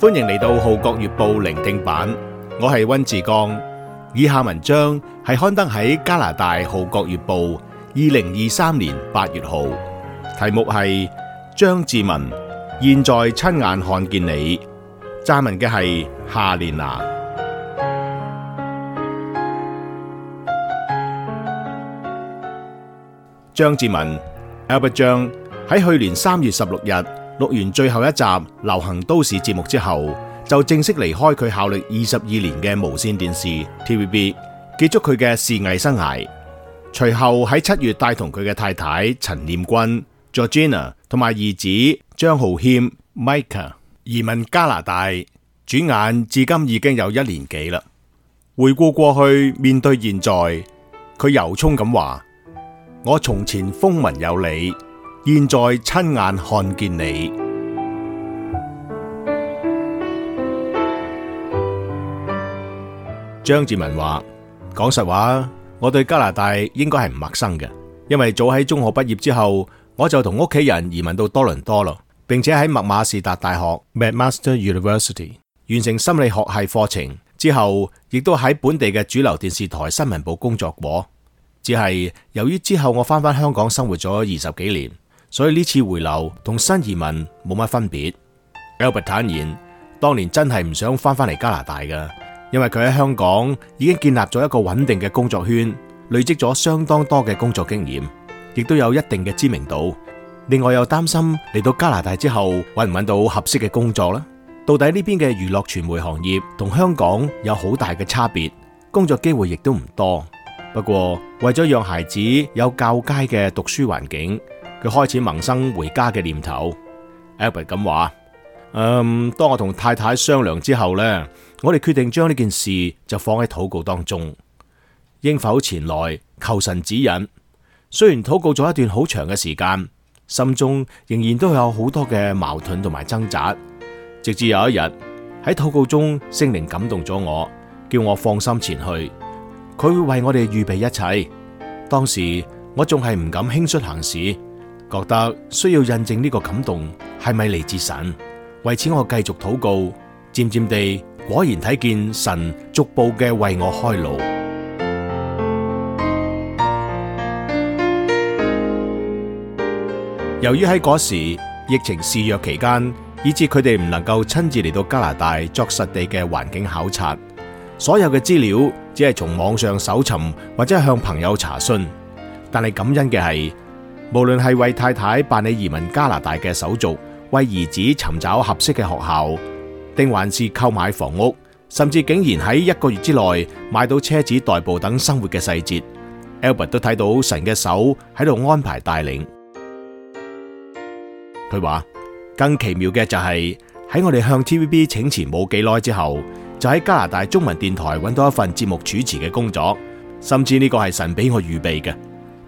歡迎嚟到《浩國月報》聆聽版，我係溫志剛。以下文章係刊登喺加拿大《浩國月報》二零二三年八月號，題目係章志文，現在親眼看見祢。撰文嘅係夏連拿。 章志文 Albert Cheung 喺去年三月十六日。錄完最後一集《流行都市》節目之後，就正式離開佢效力二十二年嘅無綫電視 （TVB），結束佢嘅視藝生涯。隨後喺七月帶同佢嘅太太陳念君、Georgina 同埋兒子章皓謙、Micah 移民加拿大，轉眼至今已經有一年幾啦。回顧過去，面對現在，佢由衷咁話：「我從前風聞有祢。現在親眼看見你，張志文講話：講實話，我對加拿大應該係唔陌生嘅，因為早喺中學畢業之後，我就同屋企人移民到多倫多啦，並且喺麥馬士達大學 m d m a s t e r University） 完成心理學系課程之後，亦都喺本地嘅主流電視台新聞部工作過。只係由於之後我翻返香港生活咗二十幾年。所以呢次回流同新移民冇乜分別。Albert 坦言，當年真係唔想翻翻嚟加拿大噶因為佢喺香港已經建立咗一個穩定嘅工作圈，累積咗相當多嘅工作經驗，亦都有一定嘅知名度。另外又擔心嚟到加拿大之後，揾唔揾到合適嘅工作啦。到底呢邊嘅娛樂傳媒行業同香港有好大嘅差別，工作機會亦都唔多。不過為咗讓孩子有較佳嘅讀書環境。佢開始萌生回家嘅念頭，Albert 咁話：嗯、um，當我同太太商量之後呢，我哋決定將呢件事就放喺禱告當中，應否前來求神指引。雖然禱告咗一段好長嘅時間，心中仍然都有好多嘅矛盾同埋掙扎。直至有一日喺禱告中，聖靈感動咗我，叫我放心前去，佢會為我哋預備一切。當時我仲係唔敢輕率行事。覺得需要印證呢個感動係咪嚟自神，為此我繼續禱告，漸漸地果然睇見神逐步嘅為我開路。 由於喺嗰時疫情肆虐期間，以至佢哋唔能夠親自嚟到加拿大作實地嘅環境考察，所有嘅資料只係從網上搜尋或者向朋友查詢，但係感恩嘅係。無論係為太太辦理移民加拿大嘅手續，為兒子尋找合適嘅學校，定還是購買房屋，甚至竟然喺一個月之內買到車子代步等生活嘅細節，Albert 都睇到神嘅手喺度安排帶領。佢話更奇妙嘅就係喺我哋向 T V B 請辭冇幾耐之後，就喺加拿大中文電台揾到一份節目主持嘅工作，甚至呢個係神俾我預備嘅。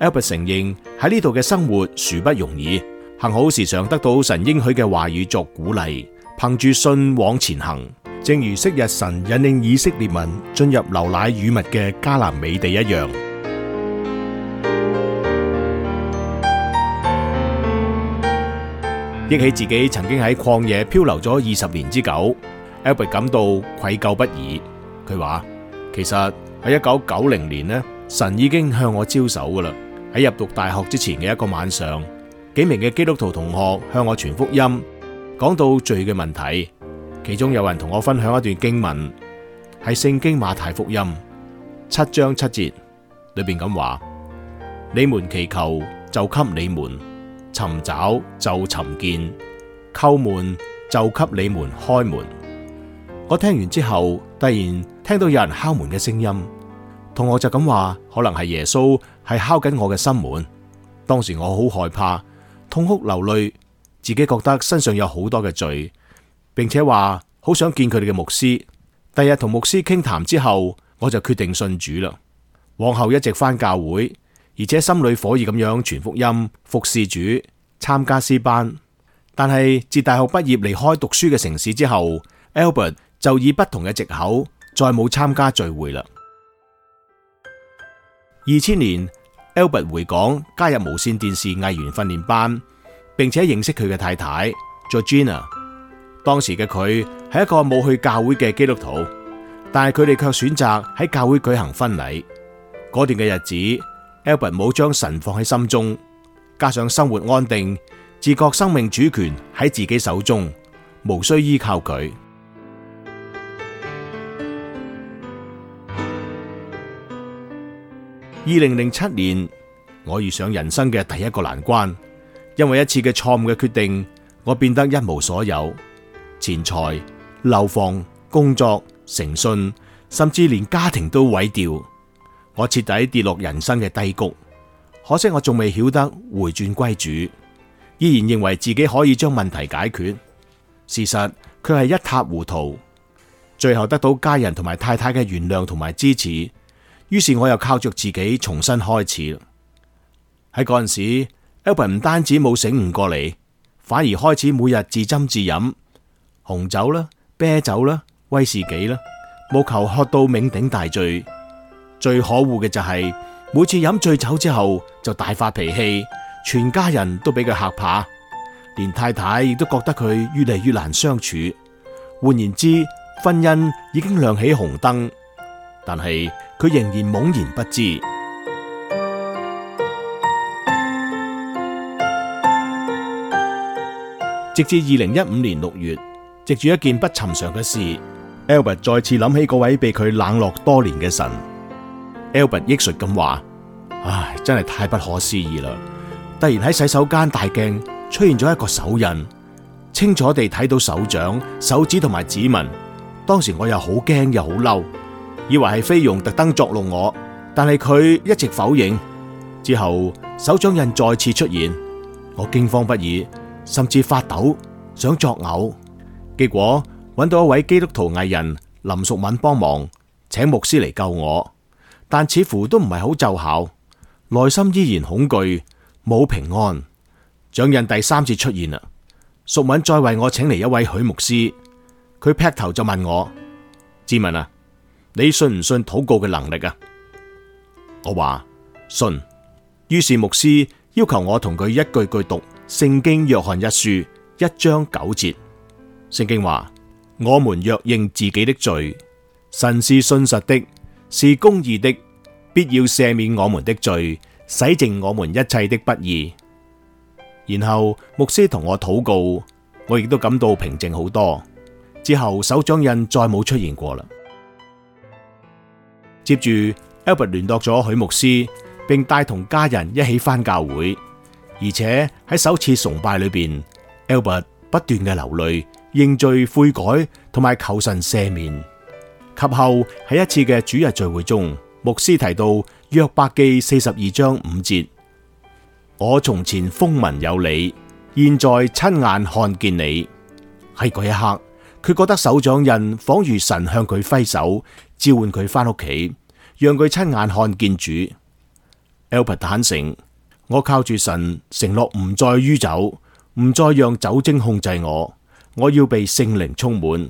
Albert 承認喺呢度嘅生活殊不容易，幸好時常得到神應許嘅話語作鼓勵，憑住信往前行。正如昔日神引領以色列民進入流奶與蜜嘅迦南美地一樣。憶起 自己曾經喺曠野漂流咗二十年之久，Albert 感到愧疚不已。佢話：其實喺一九九零年咧，神已經向我招手噶啦。喺入讀大學之前嘅一個晚上，幾名嘅基督徒同學向我傳福音，講到罪嘅問題。其中有人同我分享一段經文，係聖經馬太福音七章七節裏邊咁話：「你們祈求就給你們，尋找就尋見，叩門就給你們開門。」我聽完之後，突然聽到有人敲門嘅聲音。同學就咁話，可能係耶穌係敲緊我嘅心門。當時我好害怕，痛哭流淚，自己覺得身上有好多嘅罪，並且話好想見佢哋嘅牧師。第日同牧師傾談之後，我就決定信主啦。往後一直返教會，而且心裏火熱咁樣傳福音、服侍主、參加詩班。但係自大學畢業離開讀書嘅城市之後，Albert 就以不同嘅藉口再冇參加聚會啦。二千年，Albert 回港加入無線電視藝員訓練班，並且認識佢嘅太太 Georgina。當時嘅佢係一個冇去教會嘅基督徒，但係佢哋卻選擇喺教會舉行婚禮。嗰段嘅日子，Albert 冇將神放喺心中，加上生活安定，自覺生命主權喺自己手中，無需依靠佢。二零零七年，我遇上人生嘅第一個難關，因為一次嘅錯誤嘅決定，我變得一無所有，錢財、樓房、工作、誠信，甚至連家庭都毀掉，我徹底跌落人生嘅低谷。可惜我仲未曉得回轉歸主，依然認為自己可以將問題解決，事實卻係一塌糊塗。最後得到家人同埋太太嘅原諒同埋支持，於是我又靠着自己重新開始。喺嗰陣時，Albert 唔單止冇醒悟過嚟，反而開始每日自斟自飲紅酒啦、啤酒啦、威士忌啦，冇求喝到酩酊大醉。最可惡嘅就係、是、每次飲醉酒之後就大發脾氣，全家人都俾佢嚇怕，連太太亦都覺得佢越嚟越難相處。換言之，婚姻已經亮起紅燈。但係佢仍然懵然不知，直至二零一五年六月，藉住一件不尋常嘅事，Albert 再次諗起嗰位被佢冷落多年嘅神。Albert 憶述咁話：「唉，真係太不可思議啦！突然喺洗手間大鏡出現咗一個手印，清楚地睇到手掌、手指同埋指紋。當時我又好驚又好嬲。以為係菲傭特登作弄我，但係佢一直否認。之後，手掌印再次出現，我驚慌不已，甚至發抖，想作嘔。結果揾到一位基督徒藝人林淑敏幫忙，請牧師嚟救我，但似乎都唔係好奏效。內心依然恐懼，冇平安。掌印第三次出現啦，淑敏再為我請嚟一位許牧師，佢劈頭就問我：志文啊。你信唔信禱告嘅能力啊？我話信，於是牧師要求我同佢一句句讀聖經《約翰一書》一章九節。聖經話：我們若認自己的罪，神是信實的，是公義的，必要赦免我們的罪，洗淨我們一切的不義。」然後牧師同我禱告，我亦都感到平靜好多。之後手掌印再冇出現過啦。接住，Albert 聯絡咗許牧師，並帶同家人一起返教會，而且喺首次崇拜裏邊，Albert 不斷嘅流淚認罪悔改同埋求神赦免。及後喺一次嘅主日聚會中，牧師提到約伯記四十二章五節：我從前風聞有你，現在親眼看見你。喺嗰一刻，佢覺得手掌印仿如神向佢揮手。召喚佢返屋企，讓佢親眼看見主。Albert 坦承：我靠住神承諾，唔再酗酒，唔再讓酒精控制我。我要被聖靈充滿。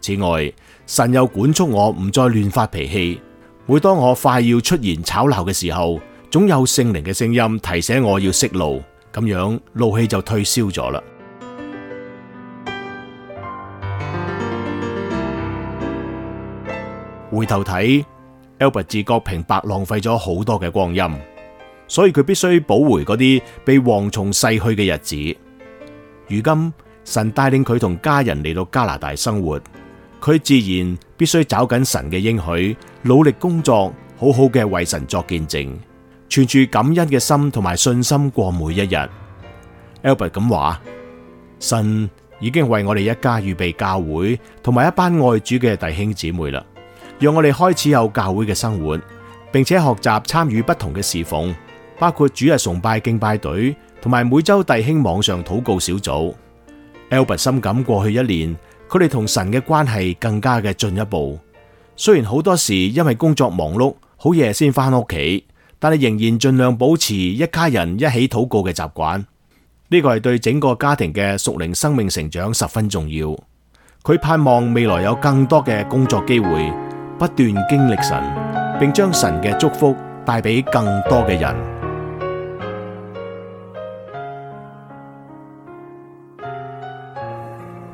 此外，神又管束我唔再亂發脾氣。每當我快要出現吵鬧嘅時候，總有聖靈嘅聲音提醒我要息怒，咁樣怒氣就退消咗啦。回頭睇，Albert 自覺平白浪費咗好多嘅光陰，所以佢必須補回嗰啲被蝗蟲逝去嘅日子。如今神帶領佢同家人嚟到加拿大生活，佢自然必須找緊神嘅應許，努力工作，好好嘅為神作見證，存住感恩嘅心同埋信心過每一日。Albert 咁話：神已經為我哋一家預備教會同埋一班愛主嘅弟兄姊妹啦。讓我哋開始有教會嘅生活，並且學習參與不同嘅侍奉，包括主日崇拜敬拜隊同埋每周弟兄網上禱告小組。Albert 深感過去一年佢哋同神嘅關係更加嘅進一步。雖然好多時因為工作忙碌，好夜先翻屋企，但係仍然盡量保持一家人一起禱告嘅習慣。呢個係對整個家庭嘅屬靈生命成長十分重要。佢盼望未來有更多嘅工作機會。不斷經歷神，並將神嘅祝福帶俾更多嘅人。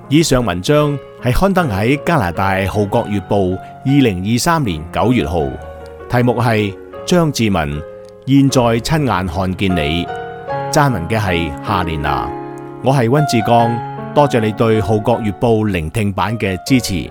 以上文章係刊登喺加拿大《號角月報》二零二三年九月號，題目係章志文，現在親眼看見祢。撰文嘅係夏蓮娜。我係溫志剛。多謝你對《號角月報》聆聽版嘅支持。